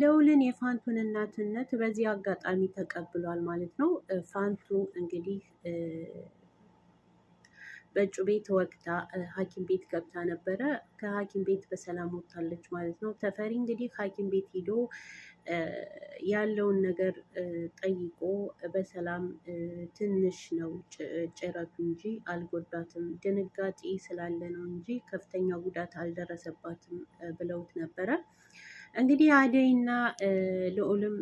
ልዑልን የፋንቱን እናትነት በዚህ አጋጣሚ ተቀብሏል ማለት ነው። ፋንቱ እንግዲህ በእጩ ቤት ወቅታ ሐኪም ቤት ገብታ ነበረ። ከሐኪም ቤት በሰላም ወጥታለች ማለት ነው። ተፈሪ እንግዲህ ሐኪም ቤት ሂዶ ያለውን ነገር ጠይቆ በሰላም ትንሽ ነው ጭረቱ እንጂ አልጎዳትም፣ ድንጋጤ ስላለ ነው እንጂ ከፍተኛ ጉዳት አልደረሰባትም ብለውት ነበረ። እንግዲህ አደይና ልዑልም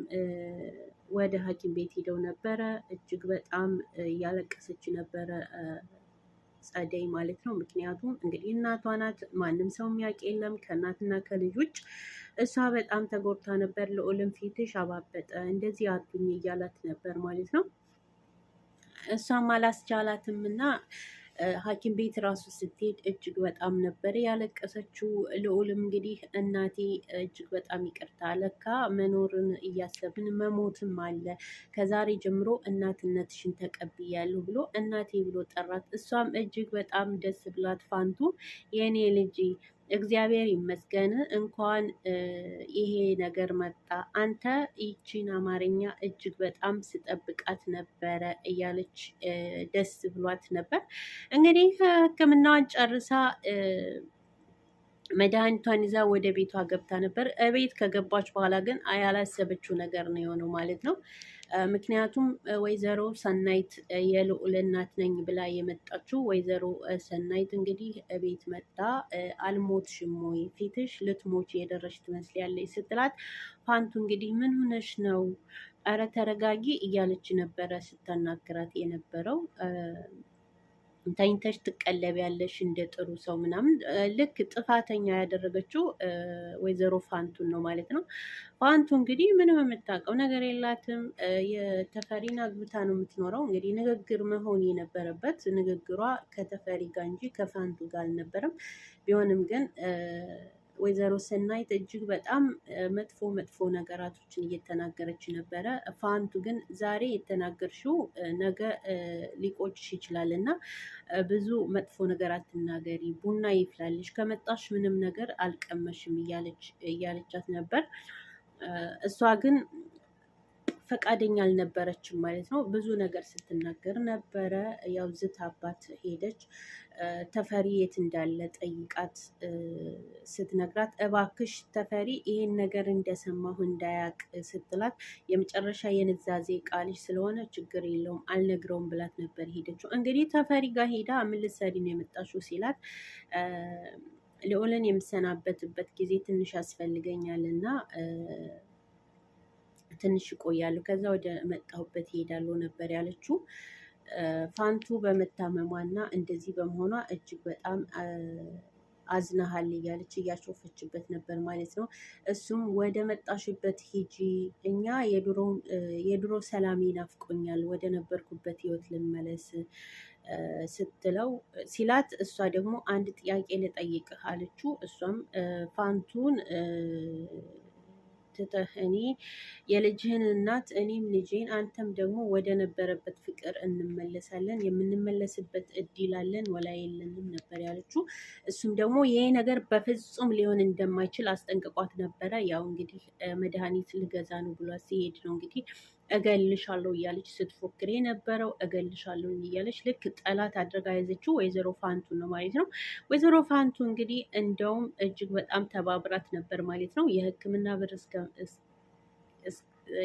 ወደ ሐኪም ቤት ሄደው ነበረ። እጅግ በጣም እያለቀሰች ነበረ ጸደይ ማለት ነው። ምክንያቱም እንግዲህ እናቷ ናት፣ ማንም ሰው የሚያውቅ የለም ከእናትና ከልጆች። እሷ በጣም ተጎድታ ነበር። ልዑልም ፊትሽ አባበጠ፣ እንደዚህ አርጉኝ እያላት ነበር ማለት ነው። እሷም አላስቻላትም እና ሐኪም ቤት ራሱ ስትሄድ እጅግ በጣም ነበር ያለቀሰችው። ልዑልም እንግዲህ እናቴ እጅግ በጣም ይቅርታ፣ ለካ መኖርን እያሰብን መሞትም አለ። ከዛሬ ጀምሮ እናትነትሽን ተቀብያለሁ ብሎ እናቴ ብሎ ጠራት። እሷም እጅግ በጣም ደስ ብላት ፋንቱ የኔ ልጅ እግዚአብሔር ይመስገን እንኳን ይሄ ነገር መጣ። አንተ ይቺን አማርኛ እጅግ በጣም ስጠብቃት ነበረ እያለች ደስ ብሏት ነበር። እንግዲህ ሕክምናዋን ጨርሳ መድኃኒቷን ይዛ ወደ ቤቷ ገብታ ነበር። እቤት ከገባች በኋላ ግን ያላሰበችው ነገር ነው የሆነው ማለት ነው። ምክንያቱም ወይዘሮ ሰናይት የልዑል እናት ነኝ ብላ የመጣችው ወይዘሮ ሰናይት እንግዲህ ቤት መጣ አልሞትሽም ወይ ፊትሽ ልትሞች የደረሽ ትመስያለሽ ስትላት ፋንቱ እንግዲህ ምን ሆነሽ ነው ኧረ ተረጋጊ እያለች ነበረ ስታናግራት የነበረው ተኝተሽ ትቀለቢያለሽ እንደ ጥሩ ሰው ምናምን። ልክ ጥፋተኛ ያደረገችው ወይዘሮ ፋንቱን ነው ማለት ነው። ፋንቱ እንግዲህ ምንም የምታውቀው ነገር የላትም። የተፈሪን አግብታ ነው የምትኖረው። እንግዲህ ንግግር መሆን የነበረበት ንግግሯ ከተፈሪ ጋር እንጂ ከፋንቱ ጋር አልነበረም። ቢሆንም ግን ወይዘሮ ሰናይት እጅግ በጣም መጥፎ መጥፎ ነገራቶችን እየተናገረች ነበረ። ፋንቱ ግን ዛሬ የተናገርሽው ነገ ሊቆጭሽ ይችላል እና ብዙ መጥፎ ነገር አትናገሪ፣ ቡና ይፍላልሽ፣ ከመጣሽ ምንም ነገር አልቀመሽም እያለቻት ነበር። እሷ ግን ፈቃደኛ አልነበረችም ማለት ነው። ብዙ ነገር ስትናገር ነበረ። ያው ዝት አባት ሄደች ተፈሪ የት እንዳለ ጠይቃት ስትነግራት እባክሽ ተፈሪ ይሄን ነገር እንደሰማሁ እንዳያቅ ስትላት የመጨረሻ የንዛዜ ቃልሽ ስለሆነ ችግር የለውም አልነግረውም ብላት ነበር ሄደችው። እንግዲህ ተፈሪ ጋር ሄዳ ምን ልትሰሪ ነው የመጣሽው ሲላት ልዑልን የምሰናበትበት ጊዜ ትንሽ ያስፈልገኛል እና ትንሽ ይቆያሉ ከዛ ወደ መጣሁበት ይሄዳሉ ነበር ያለችው። ፋንቱ በመታመሟና እንደዚህ በመሆኗ እጅግ በጣም አዝናሃል እያለች እያሾፈችበት ነበር ማለት ነው። እሱም ወደ መጣሽበት ሂጂ፣ እኛ የድሮ ሰላም ይናፍቆኛል፣ ወደ ነበርኩበት ህይወት ልመለስ ስትለው ሲላት፣ እሷ ደግሞ አንድ ጥያቄ ልጠይቅህ አለችው። እሷም ፋንቱን ትተህ እኔ የልጅህን እናት እኔም ልጄን አንተም ደግሞ ወደ ነበረበት ፍቅር እንመለሳለን፣ የምንመለስበት እድል አለን ወላ የለንም ነበር ያለችው። እሱም ደግሞ ይሄ ነገር በፍጹም ሊሆን እንደማይችል አስጠንቅቋት ነበረ። ያው እንግዲህ መድኃኒት ልገዛ ነው ብሏት ሲሄድ ነው እንግዲህ እገልሻለሁ እያለች ስትፎክር የነበረው እገልሻለሁ እያለች ልክ ጠላት አድርጋ ያዘችው ወይዘሮ ፋንቱ ነው ማለት ነው። ወይዘሮ ፋንቱ እንግዲህ እንደውም እጅግ በጣም ተባብራት ነበር ማለት ነው። የሕክምና ብር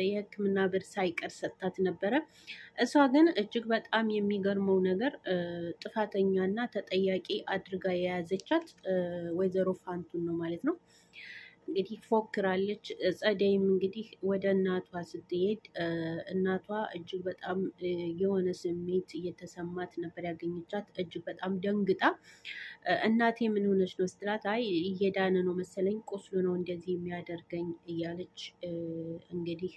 የህክምና ብር ሳይቀር ሰጥታት ነበረ። እሷ ግን እጅግ በጣም የሚገርመው ነገር ጥፋተኛና ተጠያቂ አድርጋ የያዘቻት ወይዘሮ ፋንቱን ነው ማለት ነው። እንግዲህ ፎክራለች። ጸደይም እንግዲህ ወደ እናቷ ስትሄድ እናቷ እጅግ በጣም የሆነ ስሜት እየተሰማት ነበር ያገኘቻት። እጅግ በጣም ደንግጣ እናቴ ምን ሆነች ነው ስትላት፣ አይ እየዳነ ነው መሰለኝ ቁስሉ ነው እንደዚህ የሚያደርገኝ እያለች እንግዲህ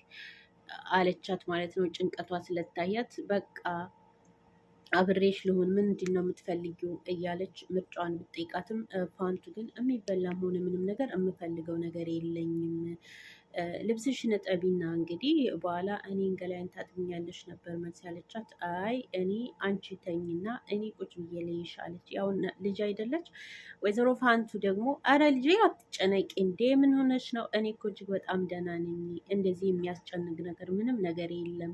አለቻት ማለት ነው። ጭንቀቷ ስለታያት በቃ አብሬሽ ልሁን ምንድን ነው የምትፈልጊው እያለች ምርጫዋን ብጠይቃትም ፋንቱ ግን የሚበላም ሆነ ምንም ነገር የምፈልገው ነገር የለኝም ልብስሽን እጠቢና እንግዲህ በኋላ እኔን ገላይን ታጥብኛለሽ ነበር መልስ ያለቻት። አይ እኔ አንቺ ተኝና እኔ ቁጭ ብዬ ልይሽ አለች። ያው ልጅ አይደለች ወይዘሮ ፋንቱ ደግሞ አረ ልጄ አትጨነቂ እንዴ ምን ሆነች ነው? እኔ እኮ እጅግ በጣም ደህና ነኝ። እንደዚህ የሚያስጨንቅ ነገር ምንም ነገር የለም።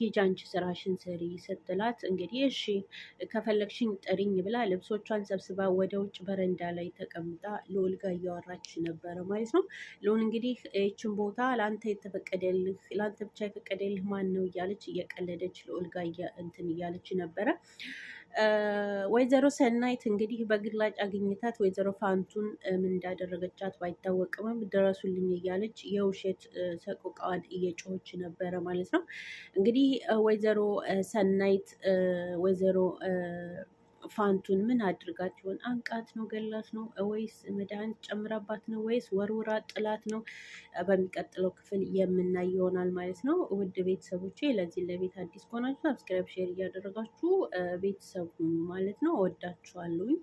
ሂጂ አንቺ ስራሽን ስሪ ስትላት እንግዲህ እሺ ከፈለግሽኝ ጥሪኝ ብላ ልብሶቿን ሰብስባ ወደ ውጭ በረንዳ ላይ ተቀምጣ ልዑል እያወራች ነበረ ማለት ነው። ልዑል እንግዲህ ይህችን የትም ቦታ ለአንተ የተፈቀደልህ ለአንተ ብቻ የፈቀደልህ ማን ነው እያለች እየቀለደች ልዑል ጋ እንትን እያለች ነበረ። ወይዘሮ ሰናይት እንግዲህ በግላጭ አግኝታት ወይዘሮ ፋንቱን ምን እንዳደረገቻት ባይታወቅምም ድረሱልኝ እያለች የውሸት ሰቆቃዋን እየጮኸች ነበረ ማለት ነው። እንግዲህ ወይዘሮ ሰናይት ወይዘሮ ፋንቱን ምን አድርጋት ይሆን? አንቃት ነው ገላት ነው ወይስ መድኃኒት ጨምራባት ነው ወይስ ወርውራ ጥላት ነው? በሚቀጥለው ክፍል የምናይ ይሆናል ማለት ነው። ውድ ቤተሰቦቼ ለዚህ ለቤት አዲስ ከሆናችሁ ሰብስክራይብ፣ ሼር እያደረጋችሁ ቤተሰብ ሁኑ ማለት ነው። ወዳችኋለሁኝ።